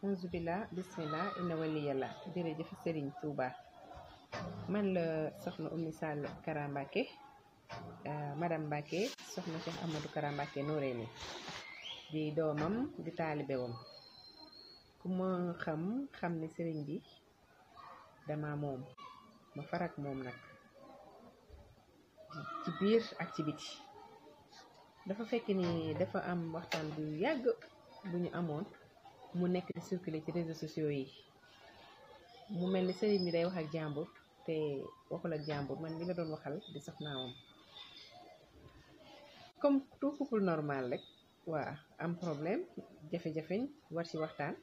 anzubila bismillah inna wali yàlla jërëjëf Serigne Touba man la soxna Oumy Sall Kara Mbacké euh, madame Mbacké soxna Cheikh Amadou Kara Mbacké Noreyni di doomam di taalibewam ku ma xam xam ne sëriñ bi dama moom ma farak moom nag ci biir ak ci biti dafa fekk ni dafa am waxtaan bu yàgg bu ñu amoon mu nekk di circuler ci réseaux sociaux yi mu mel ni sëriñ bi day wax ak jàmbur te waxul ak jàmbur man li nga doon waxal di saf naawam comme tout couple normal rek waa am problème jafe-jafeñ war ci waxtaan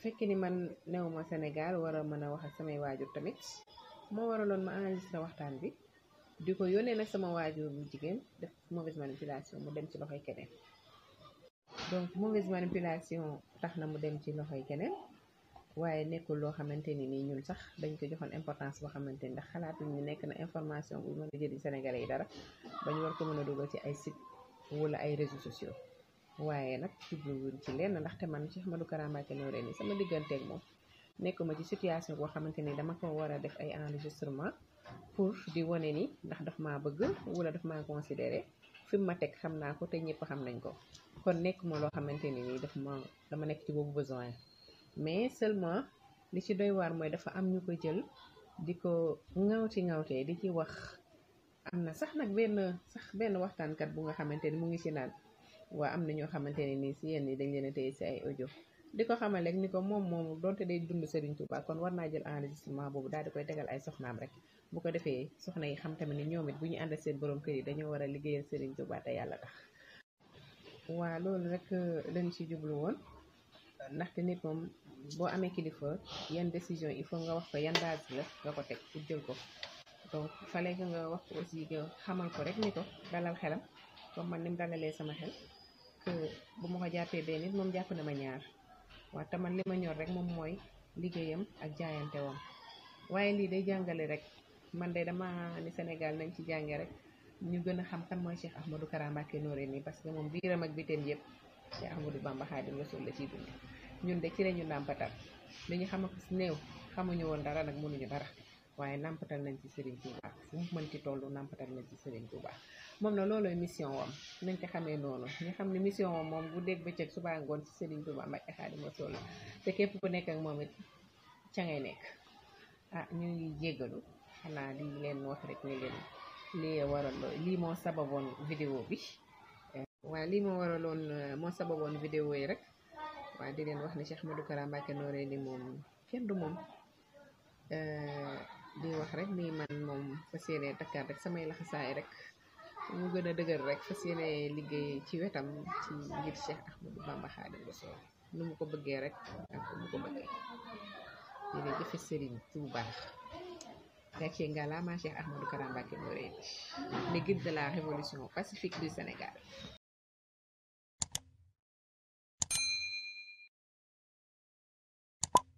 fekkee ni man newuma Sénégal war a mën a wax ak samay waajur tamit moo waraloon ma enregistré waxtaan bi di ko yónnee nag sama waajur bu jigéen def mauvaise manipulation mu dem ci loxoy keneen donc mauvaise manipulation tax na mu dem ci loxo loxoy kene waaye nekkul loo xamante ni nii ñun sax dañ ko joxoon importance boo xamante ni ndax xalaatuñ ñu nekk na information bu mën a jëriñ yi dara ba ñu war ko mën a dugal ci ay site wala ay réseaux sociaux waaye nag jubluwuñ ci lenn ndaxte man ci Cheikh Ahmadou Kara Mbacké Noreyni sama digganteeg moom nekkuma ci situation boo xamante ni dama ko war a def ay enregistrement pour di wane ni ndax daf maa bëgg wala daf maa considéré fi ma teg xam naa ko te ñëpp xam nañ ko kon nekk moo loo xamante ni nii daf ma dama nekk ci boobu besoin mais seulement li ci doy waar mooy dafa am ñu ko jël di ko ŋawti ŋawtee di ci wax am na sax nag benn sax benn waxtaankat bu nga xamante ni mu ngi ci naan waa am na ñoo xamante ne nii si yenn yi dañ leen a téye si ay audio di ko xamal rek ni ko moom moomu donte day dund Serigne Touba kon war naa jël enregistrement boobu daal di koy tegal ay soxnaam rek bu ko defee soxna yi xam tamit ne ñoom it bu ñu ànd seen borom kër yi dañoo war a liggéeyal Serigne Touba te yàlla tax waa loolu rek euh, lañ ci jublu woon ndaxte nit moom boo amee kilifa yan décision il faut nga wax ko yan base la ko teg ci jël ko donc fale que nga wax ko aussi nga xamal ko rek ni ko dalal xelam comme man ni mu dalalee sama xel que bu ma ko jàppee benn nit moom jàpp na ma ñaar waaye taman li ma ñor rek moom mooy liggéeyam ak jaayante wam waaye lii day jàngale rek man de dama ni Sénégal nañ ci jànge rek ñu gën a xam kan mooy Cheikh Ahmadou Kara Mbacké Noreyni parce que moom biiram ak biteem yëpp Cheikh Ahmadou Bamba Khadim Rasoul la ciy dund ñun de ci re ñu nàmpatal li ñu xam ak néew xamuñu woon dara nag mënuñu dara waaye nampatal nañ ci Serigne Touba fu mu toll nampatal nañ ci Serigne moom na loolooy mission wam nañ ko xamee noonu ñu xam ne mission wam moom bu dégg bëccëg subaa ngoon ci Serigne Touba Mbacke Xaadimu Rasuul te képp ku nekk ak moom it ca ngay nekk ah ñu ngi jéggalu xanaa di leen wax rek ni leen lii waral lii moo sababoon vidéo bi waaye lii moo waraloon moo sababoon vidéo yi rek waaye di leen wax ne Cheikh Modou Kara Mbacké Noreyni moom kenn du moom euh, li wax rek ni man moom fas yéene takkaat rek samay laxasaay rek mu gën a dëgër rek fas liggéey ci wetam ci ngir Cheikh Ahmadou Bamba Xaadimu Rasuul nu mu ko bëggee rek ak mu ko bëggee yéene jëfe Sëriñ Tuubaa gàcce ngalaama Cheikh Ahmadou Kara Mbacké Noreyni, le guide de la révolution pacifique du Sénégal